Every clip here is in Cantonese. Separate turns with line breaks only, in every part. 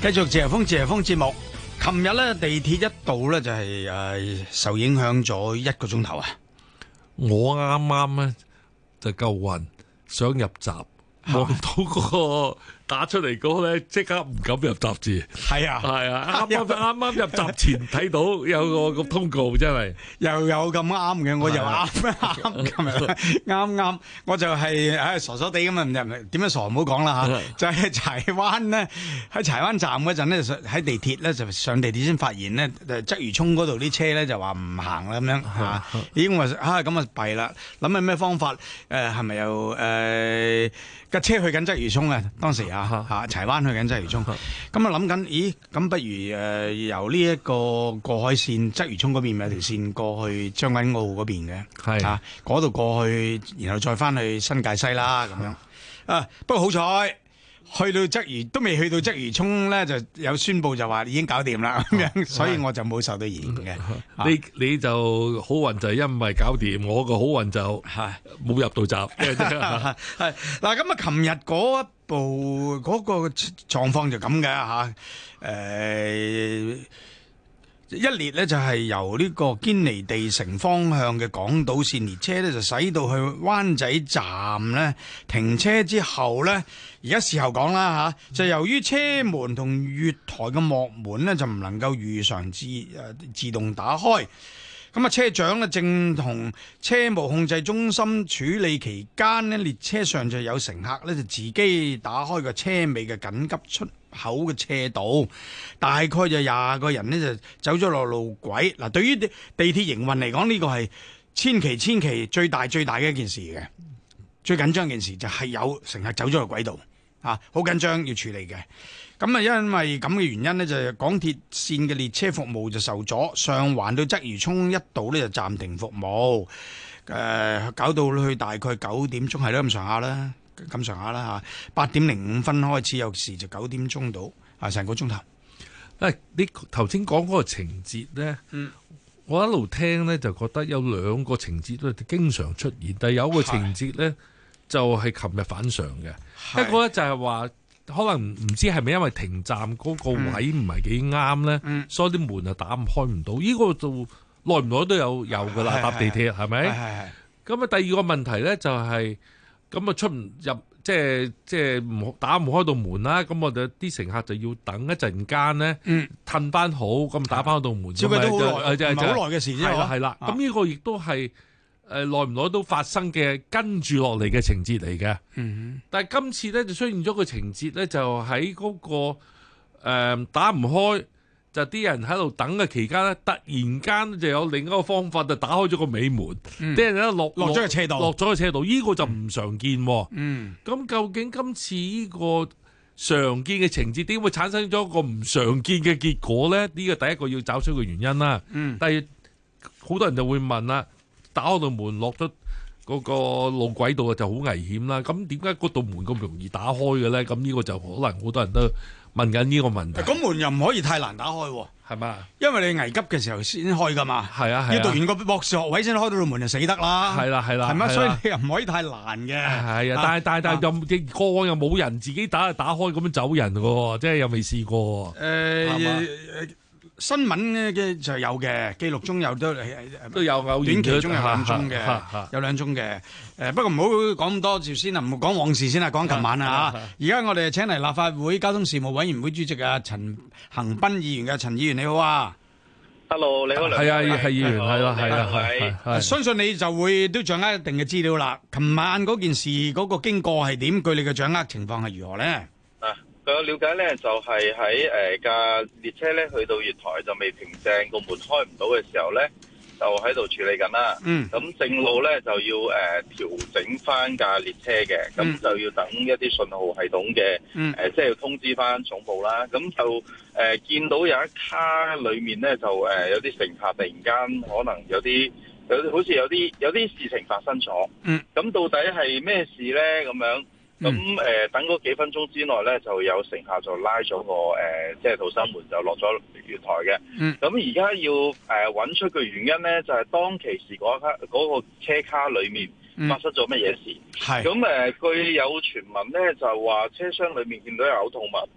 繼續自由風自由風節目。琴日咧地鐵一度咧就係誒受影響咗一個鐘頭啊！我啱啱咧就夠暈，想入閘，望
到嗰個。打出嚟嗰咧即刻唔敢入閘住，係啊，係啊，啱啱啱啱入閘前睇到有
個個通告真係又有咁啱嘅，我又啱啱咁樣啱啱，我就係唉、 就是哎、傻傻地咁樣點樣唔，傻唔好講啦嚇，就喺、是、柴灣咧，喺柴灣站嗰陣咧，喺地鐵咧就上地鐵先發現咧，就鰂魚涌嗰度啲車咧就話唔行啦咁樣嚇，已經話嚇咁啊弊啦，諗緊咩方法？誒係咪又誒架車去緊鰂魚涌啊？當時啊～吓，啊，柴灣去緊鰂魚涌，咁啊諗緊，咦，咁不如誒由呢一個過海線鰂魚涌嗰邊有條線過去將軍澳嗰邊嘅，係啊，嗰度過去，然後再翻去新界西啦，咁樣、嗯。啊，不過好彩，去到鰂魚都未去到鰂魚涌咧，就有宣布就話已經搞掂啦，咁、嗯、樣，所以我就冇受到影響嘅、嗯
啊。你你就好運就係因為搞掂，我個好運就係冇入到閘。
係嗱，咁啊，琴日嗰。部、那、嗰個狀況就咁嘅吓，誒，一列呢就係由呢個堅尼地城方向嘅港島綫列車呢，就駛到去灣仔站呢停車之後呢，而家事後講啦吓，就由於車門同月台嘅幕門呢，就唔能夠如常自誒自動打開。咁啊，車長呢正同車務控制中心處理期間呢，列車上就有乘客呢就自己打開個車尾嘅緊急出口嘅車道，大概就廿個人呢就走咗落路軌。嗱，對於地鐵營運嚟講，呢，呢個係千祈千祈最大最大嘅一件事嘅，最緊張件事就係有乘客走咗落軌道。啊，好緊張要處理嘅咁啊，因為咁嘅原因呢，就係、港鐵線嘅列車服務就受阻，上環到鰂魚涌一度呢就暫停服務，誒、呃，搞到去大概九點鐘係咯，咁上下啦，咁上下啦吓，八點零五分開始有事，就九點鐘到啊，成個鐘頭。誒，你頭先講嗰個情節呢、
嗯，我一路聽呢，就覺得有兩個情節都經常出現，但有一個情節呢，就係琴日反常嘅。一個咧就係話，可能唔知係咪因為停站嗰個位唔係幾啱咧，所以啲門啊打唔開唔到。呢、嗯呢個就耐唔耐都有有噶啦，搭地鐵係咪？咁啊、嗯嗯嗯，第二個問題咧就係咁啊，出唔入即係即係唔打唔開到門啦。咁我哋啲乘客就要等一陣間咧，褪、嗯、翻好咁打翻到道門。咁咪、啊、就唔係好耐嘅事啫。係啦，咁、啊、呢個亦都係。誒、呃，耐唔耐都發生嘅跟住落嚟嘅情節嚟嘅。嗯、mm -hmm.，但係今次咧就出現咗個情節咧，就喺嗰、那個、呃、打唔開，就啲人喺度等嘅期間咧，突然間就有另一個方法就打開咗個尾門，啲、mm -hmm. 人咧落落咗個車道，落咗個車道，依、這個就唔常見。嗯，咁究竟今次呢個常見嘅情節點會產生咗一個唔常見嘅結果咧？呢、這個第一個要找出個原因啦。嗯、mm -hmm.，第二好多人就會問啦、啊。打開道門落咗嗰個路軌度啊，就好危險啦。咁點解嗰道門咁容易打開嘅咧？咁呢個就可能好多人都問緊呢個問
題。咁門又唔可以太難打開，係嘛？因為你危急嘅時候先開噶嘛。係啊係啊。要讀完個博士學位先開到道門就死得啦。係啦係啦。係嘛？所以你又唔可以太難嘅。係啊。但係
但係但又過往又冇人自己打打開咁樣走人噶，即係又未試過。
誒。係嘛？新聞咧嘅就係有嘅記錄中有都都有，短期中有兩鐘嘅有兩鐘嘅。誒不過唔好講咁多住先啦，唔好講往事先啦，講琴晚啦嚇。而家我哋請嚟立法會交通事務委員會主席啊，陳恒鑌議員嘅陳議員你好啊，Hello，你好，係啊，係議員，係啦，係啊，係。相信你就會都掌握一定嘅資料啦。琴晚嗰件事嗰個經過係點？據你嘅掌握情況係如何咧？
所以我了解咧，就係喺誒架列車咧，去到月台就未停正，個門開唔到嘅時候咧，就喺度處理緊啦。嗯，咁正路咧就要、呃、調整翻架列車嘅，咁、嗯、就要等一啲信號系統嘅，即係要通知翻總部啦。咁就、呃、見到有一卡裏面咧，就、呃、有啲乘客突然間可能有啲有啲好似有啲有啲事情發生咗。嗯，咁到底係咩事咧？咁樣？咁、嗯、誒、呃、等嗰幾分鐘之內咧，就有乘客就拉咗個誒，即係逃生門就落咗月台嘅。嗯。咁而家要誒揾、呃、出個原因咧，就係、是、當其時嗰卡嗰、那個車卡裏面發生咗乜嘢事。係、嗯。咁誒、呃，據有傳聞咧，就話車廂裏面見到有嘔吐物。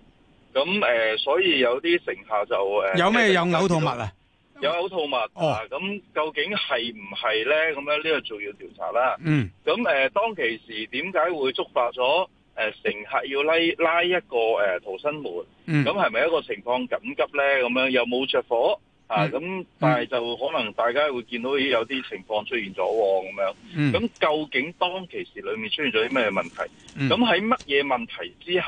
咁誒、呃，所以有啲乘客就誒。有咩有嘔吐物啊？有嘔吐物、oh. 啊，咁究竟係唔係咧？咁樣呢個重要調查啦。嗯、mm.。咁、呃、誒，當其時點解會觸發咗誒、呃、乘客要拉拉一個誒逃生門？嗯。咁係咪一個情況緊急咧？咁樣又冇着火啊？咁、mm. 啊、但係就可能大家會見到有啲情況出現咗咁、啊、樣。咁、mm. 究竟當其時裏面出現咗啲咩問題？嗯。咁喺乜嘢問題之下？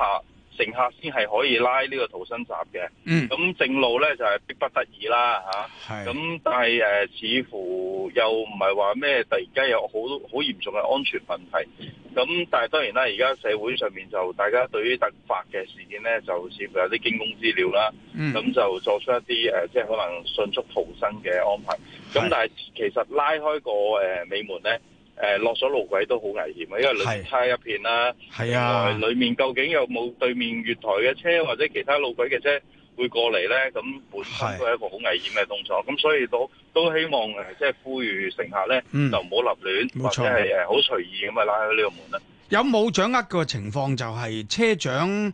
乘客先係可以拉呢個逃生閘嘅，咁、嗯、正路咧就係、是、逼不得已啦嚇，咁、啊、但係誒、呃、似乎又唔係話咩，突然間有好好嚴重嘅安全問題，咁、嗯、但係當然啦，而家社會上面就大家對於突發嘅事件咧，就似乎有啲驚弓之鳥啦，咁、嗯、就作出一啲誒、呃、即係可能迅速逃生嘅安排，咁、嗯、但係其實拉開個誒尾、呃、門咧。誒，落咗路軌都好危險啊，因為列車一片啦，
係、啊、裏
面究竟有冇對面月台嘅車或者其他路軌嘅車會過嚟咧？咁本身都係一個好危險嘅動作，咁所以都都希望誒，即、就、係、是、呼籲乘客咧、嗯、就唔好立亂或者係誒好隨意咁啊拉開呢個門啦。
有冇掌握個情況就係、是、車長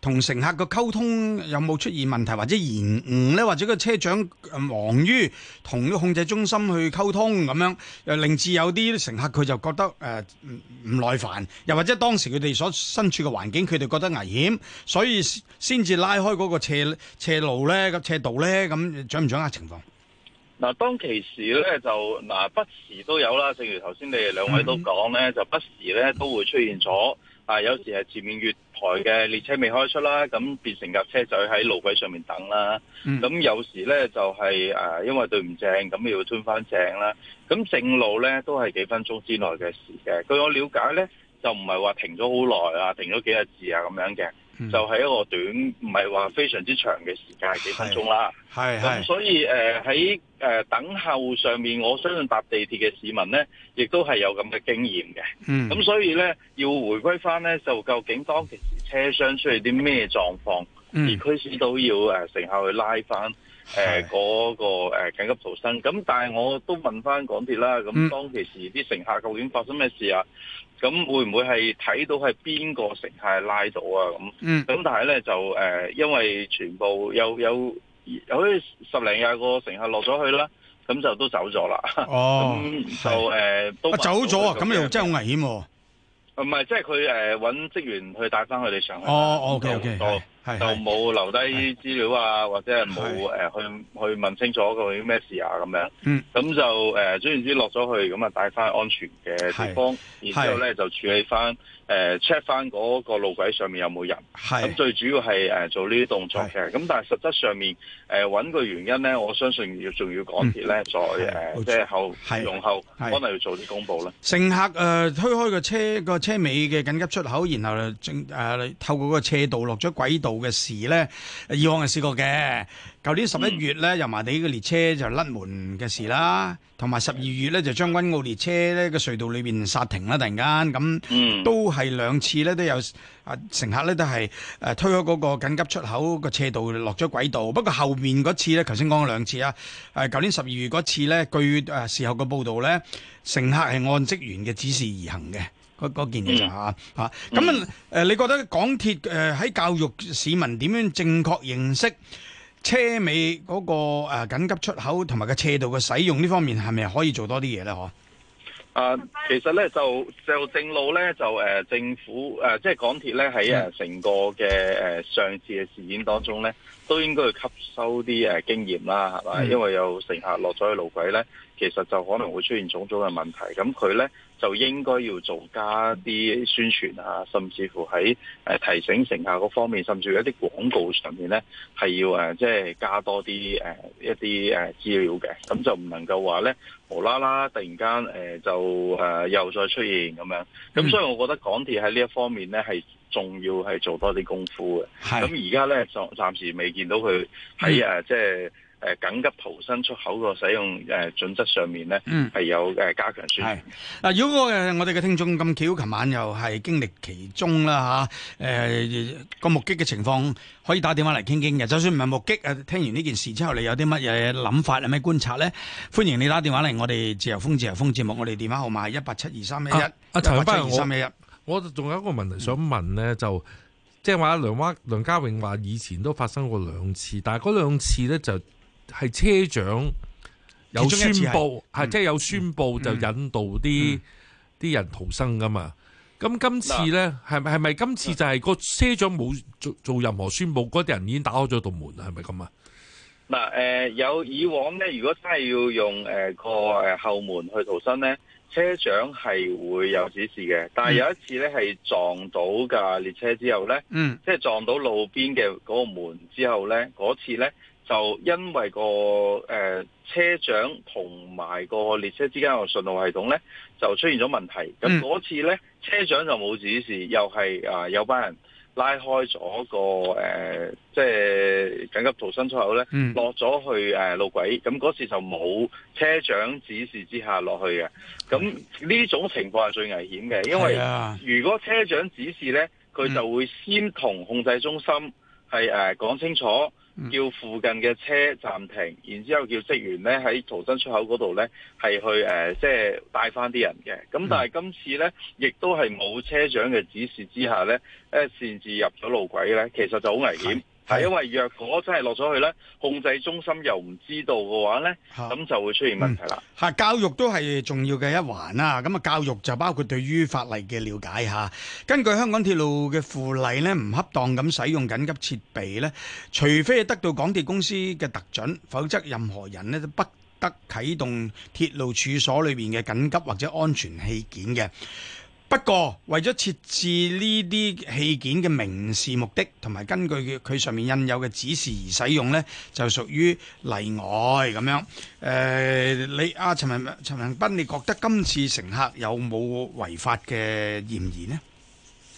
同乘客嘅溝通有冇出現問題或者延誤咧？或者個車長忙於同控制中心去溝通咁樣，又令至有啲乘客佢就覺得誒唔耐煩，又或者當時佢哋所身處嘅環境，佢哋覺得危險，所以先至拉開嗰個斜斜路咧、斜道咧，咁掌唔掌握情況？
嗱，當其時咧就嗱，不時都有啦。正如頭先你哋兩位都講咧，就不時咧都會出現咗，啊，有時係前面月台嘅列車未開出啦，咁變成架車仔喺路軌上面等啦。咁有時咧就係、是、誒、啊，因為對唔正，咁要吞翻正啦。咁正路咧都係幾分鐘之內嘅事嘅。據我了解咧，就唔係話停咗好耐啊，停咗幾個字啊咁樣嘅。就係、是、一個短，唔係話非常之長嘅時間，幾分鐘啦。
咁、嗯、所
以喺、呃呃、等候上面，我相信搭地鐵嘅市民咧，亦都係有咁嘅經驗嘅。嗯。咁、嗯、所以咧，要回歸翻咧，就究竟當其時車廂出嚟啲咩狀況、嗯，而驅使到要誒乘客去拉翻嗰個誒緊急逃生。咁但係我都問翻港鐵啦，咁當其時啲乘客究竟發生咩事啊？嗯嗯咁會唔會係睇到係邊個乘客拉到啊？咁、嗯，咁但係咧就誒、呃，因為全部有有有十零廿個乘客落咗去啦，咁就都走咗啦。哦，
咁
就誒、呃、都走咗啊！咁又
真係好危險
喎、啊。唔、啊、係，即係佢誒搵職員去帶返佢哋上去。哦，OK，OK。就冇留低資料啊，或者係冇去去問清楚個啲咩事啊咁樣。咁、嗯、就誒、呃，總然之落咗去，咁啊帶翻安全嘅地方。然之後咧就處理翻誒 check 翻嗰個路軌上面有冇人。咁最主要係、呃、做呢啲動作嘅。咁但係實質上面誒揾、呃、個原因咧，我相信要仲要港鐵咧再誒即係後用後可能要做啲公佈啦。
乘客誒、呃、推開個車個車尾嘅緊急出口，然後正、呃、透過個斜道落咗軌道。嘅事咧，以往係試過嘅。舊年十一月咧，油麻地個列車就甩門嘅事啦，同埋十二月咧就將軍澳列車咧個隧道裏邊剎停啦，突然間咁，都係兩次咧都有啊乘客咧都係誒推開嗰個緊急出口個斜道落咗軌道。不過後面嗰次咧，頭先講咗兩次啊，誒，舊年十二月嗰次咧，據誒事後嘅報道咧，乘客係按職員嘅指示而行嘅。嗰件嘢、嗯、啊吓。咁啊你覺得港鐵誒喺教育市民點樣正確認識車尾嗰個誒緊急出口同埋個斜道嘅使用呢方面，係咪可以做多啲嘢咧？嗬？
誒，其實咧就就正路咧就誒、呃、政府誒、呃，即係港鐵咧喺誒成個嘅誒上次嘅事件當中咧，都應該去吸收啲誒經驗啦，係嘛、嗯？因為有乘客落咗去路軌咧，其實就可能會出現種種嘅問題。咁佢咧。就應該要做加啲宣傳啊，甚至乎喺提醒乘客嗰方面，甚至乎一啲廣告上面咧，係要即、啊、係、即係、加多啲一啲誒、啊、資料嘅，咁就唔能夠話咧無啦啦突然間、呃、就、啊、又再出現咁樣。咁所以我覺得港鐵喺呢一方面咧係重要係做多啲功夫嘅。咁而家咧暫暫時未見到佢喺誒即係。誒，緊急逃生出口個使用誒準則上面呢，係、嗯、有誒加強宣傳。
嗱，如果我哋嘅聽眾咁巧，琴晚又係經歷其中啦嚇，誒個目擊嘅情況，可以打電話嚟傾傾嘅。就算唔係目擊，誒聽完呢件事之後，你有啲乜嘢諗法，有咩觀察呢？歡迎你打電話嚟我哋自由風自由風節目，我哋電話號碼係一八七二三一一一八七二三一一。
我仲有一個問題想問呢、嗯，就即係話梁梁家榮話以前都發生過兩次，但係嗰兩次呢就。係車長有宣佈，係即係有宣布就引導啲啲、嗯、人逃生噶嘛。咁今次呢，係咪係咪今次就係個車長冇做做任何宣布，嗰啲人已經打開咗道門，係咪咁啊？
嗱、嗯，誒、嗯呃，有以往呢，如果真係要用誒個誒後門去逃生呢，車長係會有指示嘅。但係有一次呢，係撞到架列車之後呢，嗯、即係撞到路邊嘅嗰個門之後呢，嗰次呢。就因為個誒、呃、車長同埋個列車之間個信號系統咧，就出現咗問題。咁、嗯、嗰次咧，車長就冇指示，又係啊、呃、有班人拉開咗個誒、呃，即係緊急逃生出口咧、嗯，落咗去、呃、路軌。咁嗰次就冇車長指示之下落去嘅。咁呢種情況係最危險嘅，因為如果車長指示咧，佢就會先同控制中心係誒、呃、講清楚。嗯、叫附近嘅車暫停，然之後叫職員咧喺逃生出口嗰度咧係去誒、呃，即係帶翻啲人嘅。咁但係今次咧，亦都係冇車長嘅指示之下咧，誒擅自入咗路軌咧，其實就好危險。係，因為若果真係落咗去咧，控制中心又唔知道嘅話咧，咁就會出現問題
啦。吓，教育都係重要嘅一環啦。咁啊，教育就包括對於法例嘅了解吓。根據香港鐵路嘅附例咧，唔恰當咁使用緊急設備咧，除非得到港鐵公司嘅特准，否則任何人咧都不得啟動鐵路處所裏面嘅緊急或者安全器件嘅。不過為咗設置呢啲器件嘅明示目的，同埋根據佢上面印有嘅指示而使用呢，就屬於例外咁樣。誒、呃，你啊，陳恒陳恒鑌，你覺得今次乘客有冇違法嘅嫌疑呢？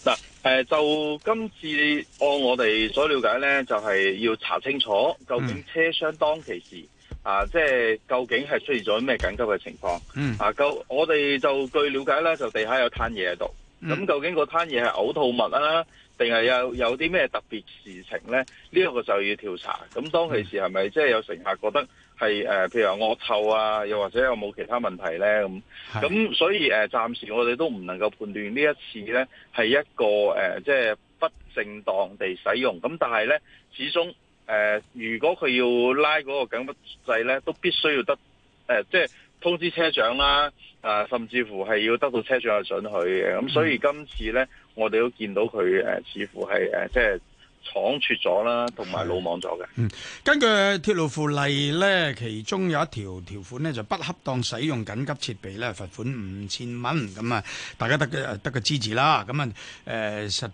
嗱、嗯，誒，就今次按我哋所了解呢，就係要查清楚究竟車廂當其時。啊，即係究竟係出現咗咩緊急嘅情況，嗯？啊，我哋就據了解咧，就地下有攤嘢喺度。咁、嗯、究竟個攤嘢係嘔吐物啊，定係有有啲咩特別事情咧？呢、呢個就要調查。咁當其時係咪即係有乘客覺得係誒、呃，譬如話惡臭啊，又或者有冇其他問題咧？咁咁所以誒，暫、呃、時我哋都唔能夠判斷呢一次咧係一個誒、呃，即係不正當地使用。咁但係咧，始終。誒、呃，如果佢要拉嗰個緊急掣呢，都必須要得，誒、呃，即係通知車長啦，啊，甚至乎係要得到車長嘅准許嘅。咁、嗯嗯、所以今次呢，我哋都見到佢誒、呃，似乎係誒、呃，即係闖脫咗啦，同埋魯莽咗嘅、嗯。
根據鐵路附例呢，其中有一條條款呢，就不恰當使用緊急設備呢，罰款五千蚊。咁啊，大家得嘅得個支持啦。咁啊，誒、呃，實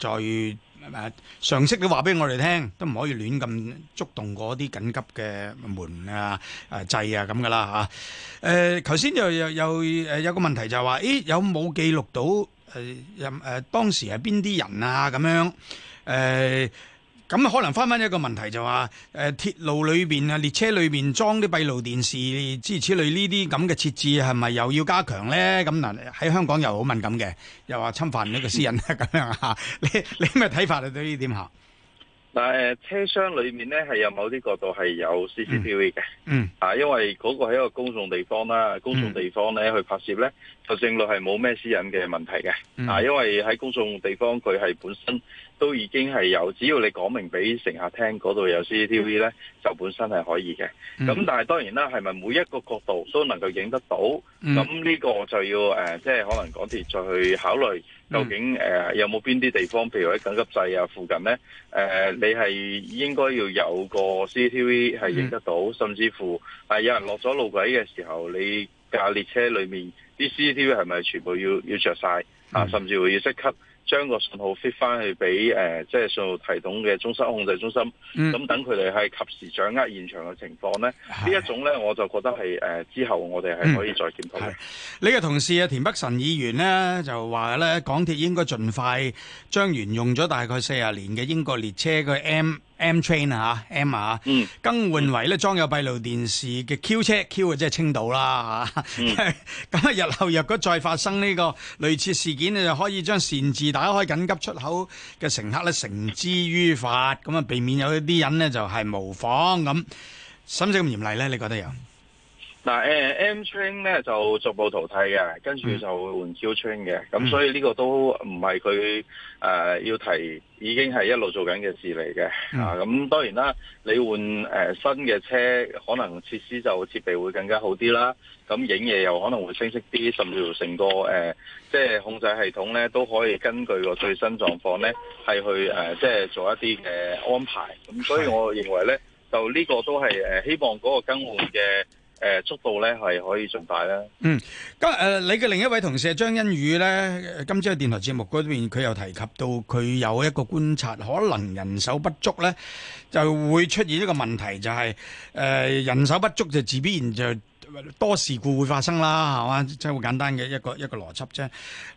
在。係咪啊？常識，你話畀我哋聽，都唔可以亂咁觸動嗰啲緊急嘅門啊、誒掣啊噉㗎喇吓。誒，頭先又又又誒有個問題就係話，咦有冇記錄到誒任誒當時係邊啲人啊咁樣誒？咁可能翻翻一個問題就話、是，誒、呃，鐵路裏邊啊，列車裏邊裝啲閉路電視之此類呢啲咁嘅設置係咪又要加強咧？咁嗱喺香港又好敏感嘅，又話侵犯呢個私隱咁、嗯、樣吓、啊。你你咩睇法你對呢點吓？嗱，誒，
車廂裏面咧係有某啲角度係有 C C T V 嘅、嗯，嗯，啊，因為嗰個係一個公眾地方啦，公眾地方咧、嗯、去拍攝咧，就正路係冇咩私隱嘅問題嘅、嗯，啊，因為喺公眾地方佢係本身。都已經係有，只要你講明俾乘客聽，嗰度有 CCTV 咧，就本身係可以嘅。咁、mm -hmm. 但係當然啦，係咪每一個角度都能夠影得到？咁、mm、呢 -hmm. 個就要即係、呃就是、可能港鐵再去考慮究竟、呃、有冇邊啲地方，譬如喺緊急掣啊附近咧、呃，你係應該要有個 CCTV 係影得到，mm -hmm. 甚至乎係、呃、有人落咗路軌嘅時候，你架列車裏面啲 CCTV 係咪全部要要著晒啊？甚至乎要即刻。將個信號 fit 翻去俾誒、呃，即係信號系統嘅中心控制中心，咁、嗯、等佢哋係及時掌握現場嘅情況咧。呢一種咧，我就覺得係誒、呃，之後我哋係可以再見到。嘅、嗯。
呢個同事啊，田北辰議員咧就話咧，港鐵應該盡快將沿用咗大概四十年嘅英國列車嘅 M。M train 啊，M 啊，更換為咧裝有閉路電視嘅 Q 車，Q 啊即係青島啦吓。咁 啊日後如果再發生呢個類似事件咧，就可以將擅自打開緊急出口嘅乘客咧繩之於法，咁啊避免有啲人咧就係模仿咁，使唔使咁嚴厲咧？你覺得有？
嗱、啊，誒 M train 咧就逐步淘汰嘅，跟住就會換 Q train 嘅，咁、mm -hmm. 所以呢個都唔係佢誒要提，已經係一路做緊嘅事嚟嘅。Mm -hmm. 啊，咁當然啦，你換、呃、新嘅車，可能設施就設備會更加好啲啦。咁影嘢又可能會清晰啲，甚至乎成個誒即係控制系統咧都可以根據個最新狀況咧係去即係、呃即係、做一啲嘅、呃、安排。咁所以我認為咧，就呢個都係、呃、希望嗰個更換嘅。誒速度咧係可以
盡快啦。嗯，咁誒你嘅另一位同事張欣宇咧，今朝嘅電台節目嗰邊佢又提及到佢有一個觀察，可能人手不足咧就會出現一個問題，就係誒人手不足就自必然就多事故會發生啦，係嘛？即係好簡單嘅一個一個邏輯啫。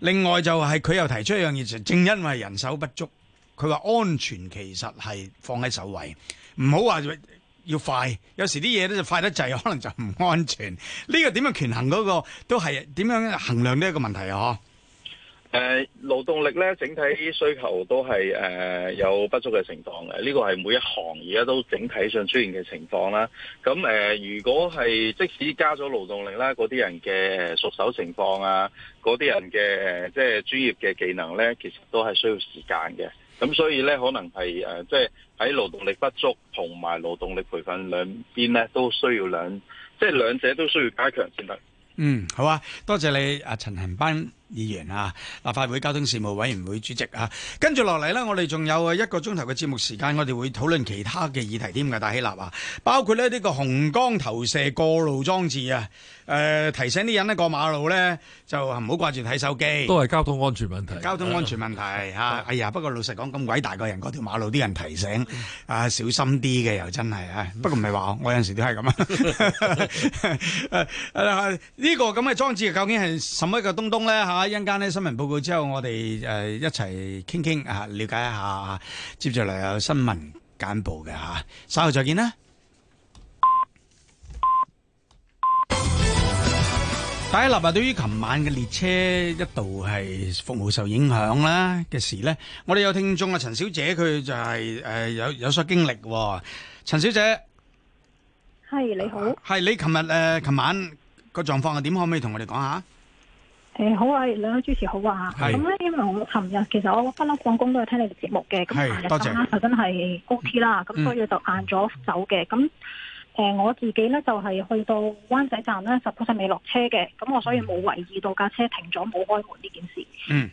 另外就係佢又提出一樣嘢，就正因為人手不足，佢話安全其實係放喺首位，唔好話。要快，有時啲嘢咧就快得滯，可能就唔安全。呢、這個點樣權衡嗰個都係點樣衡量呢一個問題啊？嗬。
誒，勞動力咧整體需求都係誒、呃、有不足嘅情況嘅，呢、這個係每一行而家都整體上出現嘅情況啦。咁誒、呃，如果係即使加咗勞動力啦，嗰啲人嘅熟手情況啊，嗰啲人嘅誒即係專業嘅技能咧，其實都係需要時間嘅。咁所以呢，可能係誒，即係喺勞動力不足同埋勞動力培訓兩邊咧，都需要兩，即係兩者都需要加強先得。嗯，
好啊，多謝你，阿陳恒鑌，議員啊，立法會交通事務委員會主席啊，跟住落嚟呢，我哋仲有一個鐘頭嘅節目時間，我哋會討論其他嘅議題添嘅，大希喇啊，包括呢呢個紅光投射過路裝置啊、呃，提醒啲人呢過馬路呢，就唔好掛住睇手機，都係交通安全問題。啊、交通安全問題、啊、哎呀，哎呀，不過老實講咁鬼大個人，嗰條馬路啲人提醒啊，小心啲嘅又真係啊，不過唔係話我有時都係咁啊。呢、呢個咁嘅裝置究竟係什麼一個東東呢？啊，一陣間咧新聞報告之後，我哋誒一齊傾傾啊，了解一下。接住嚟有新聞簡報嘅吓，稍後再見啦。大家立日對於琴晚嘅列車一度係服務受影響啦嘅事呢，我哋有聽眾啊，陳小姐佢就係誒有有所經歷。陳小姐，係你好，係你琴日誒琴晚個狀況係點？可唔可以同我哋講下？
誒、嗯，好啊，兩位主持好啊，咁咧，因為我琴日其實我不嬲，放工都有聽你哋節目嘅，咁琴日咧就真係高鐵啦，咁、嗯、所以就晏咗走嘅，咁、誒、呃，我自己咧就係、是、去到灣仔站咧，十 p e 未落車嘅，咁我所以冇懷疑到架車停咗冇、嗯、開門呢件事，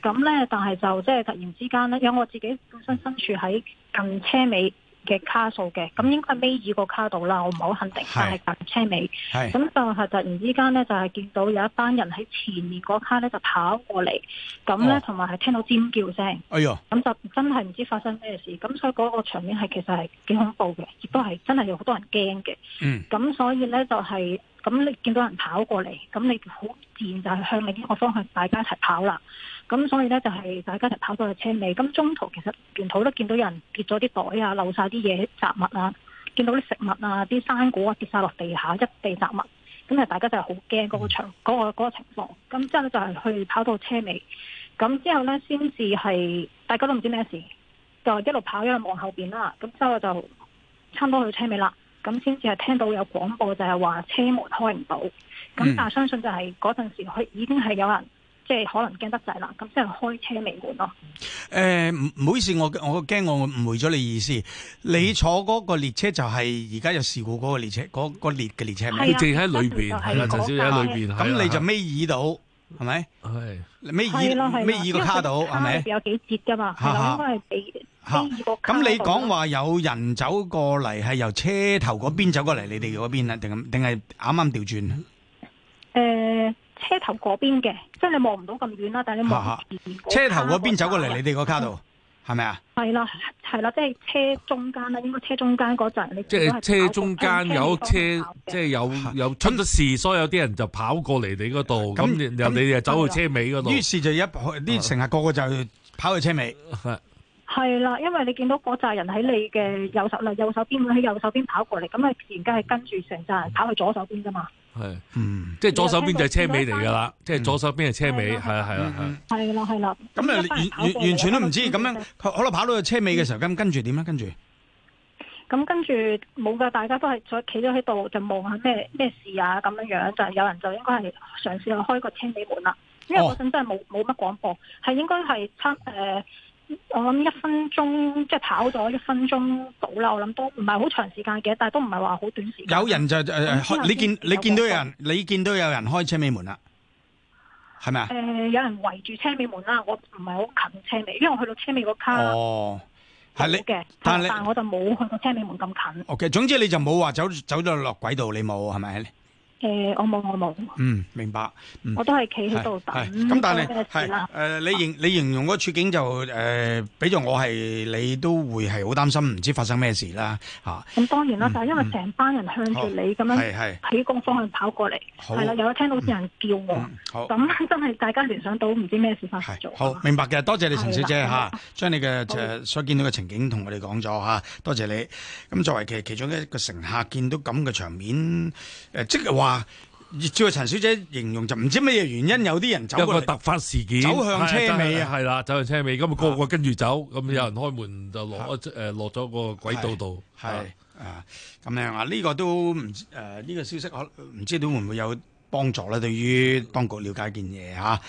咁、嗯、咧，但係就即係突然之間咧，有我自己本身身處喺近車尾。嘅卡數嘅，咁應該係尾二個卡度啦，我唔好肯定，但係搭車尾。咁就係突然之間咧，就係、是、見到有一班人喺前面嗰卡咧就跑過嚟，咁咧同埋係聽到尖叫聲。哎喲！咁就真係唔知發生咩事，咁所以嗰個場面係其實係幾恐怖嘅，亦都係真係有好多人驚嘅。嗯。咁所以咧就係、是。咁你見到人跑過嚟，咁你好自然就係向另一個方向，大家一齊跑啦。咁所以呢，就係大家一齊跑到車尾。咁中途其實沿途都見到有人跌咗啲袋啊，漏晒啲嘢雜物啊，見到啲食物啊，啲生果啊跌晒落地下，一地雜物。咁誒，大家就好驚嗰個場嗰、嗰個嗰個情況。咁之後呢，就係去跑到車尾。咁之後呢，先至係大家都唔知咩事，就一路跑一路望後面啦。咁之後就差唔多去車尾啦。咁先至係聽到有廣播，就係話車門開唔到。咁、嗯、但相信就係嗰陣時，佢已經係有人即係、就是、可能驚得滯啦。咁即係開車尾門咯。唔、呃，
唔好意思，我我驚我會誤會咗你意思。你坐嗰個列車就係而家有事故嗰個列車，嗰個列嘅列車，你淨喺裏面，就是、啊，陳小姐喺裏邊，咁、啊啊啊、你就眯耳、啊、到。係咪？係。尾二尾二個卡度？係咪？有幾節㗎嘛？吓、啊、吓、啊啊啊。應該
係尾二個
卡。咁、啊啊啊啊嗯、你講話有人走過嚟，係由車頭嗰邊走過嚟你哋嗰邊啊？定定係啱啱調轉？誒，
車頭嗰邊嘅，即係你望唔到咁遠啦，但係你望、啊啊、
車頭嗰邊走過嚟你哋嗰卡度。嗯係咪啊？
係啦，係啦，即係車中間啦，應該車中間嗰陣，即係車中間有
車，車即係有有出咗事，嗯，所以有啲人就跑過嚟你嗰度，咁又你就走去車尾嗰度，於是，是就一啲乘客個個就跑去車尾，
係啦，因為你見到嗰扎人喺你嘅右手啦，右手邊佢喺右手邊跑過嚟，咁啊突然間係跟住成扎人跑去左手邊噶嘛。
係，
嗯，即係左手邊就係車尾嚟噶啦，即係左手邊係車尾，係啦係啦
係。係啦係啦，咁啊完完完全都
唔知，知，咁樣好啦，跑到去車尾嘅時候，咁跟住點咧？跟住，
咁跟住冇噶，大家都係坐企咗喺度，就望下咩咩事啊，咁樣樣就有人就應該係嘗試去開個車尾門啦。因為嗰陣真係冇冇乜廣播，係應該係差誒。呃我諗一分鐘即係跑咗一分鐘到啦，我諗都唔係好長時間嘅，但係都唔係話好短時間。有人就誒、嗯，
你見你你見到有人，你見到有人開車尾門啦，係咪啊？誒、
呃，有人圍住車尾門啦，我唔係好近車尾，因為我去到車尾個卡。哦，
係你，但係
我就冇去到車尾門咁近。OK，
總之你就冇話走走咗落軌道，你冇係咪？是
誒、呃，我冇，
我冇。嗯，明白。嗯、我都係企喺度等。咁，但係係誒，你形、呃、你形容嗰個處境就誒、呃，比作我係你都會係好擔心，唔知發生咩事啦嚇。咁、
啊嗯、當然啦，就、嗯、係因為成班人向住你咁樣係係喺個方向跑過嚟，係啦，有聽到啲人叫我。咁、嗯，真係大家聯想到唔知咩事發生咗。
好、啊、明白嘅，多謝你陳小姐吓，將、啊、你嘅所見到嘅情景同我哋講咗吓，多謝你。咁作為其其中一個乘客，見到咁嘅場面誒、呃，即係話。照、啊、陳小姐形容就唔知咩嘢原因，有啲人走，一個突發事件走向車尾
係啦，走向車尾，咁個個跟住走，咁
有人開門就落誒，落咗個軌道度，係啊咁樣啊呢個都唔，誒，呢個消息可唔知點會，會唔會有幫助咧？對於當局了解件嘢吓。啊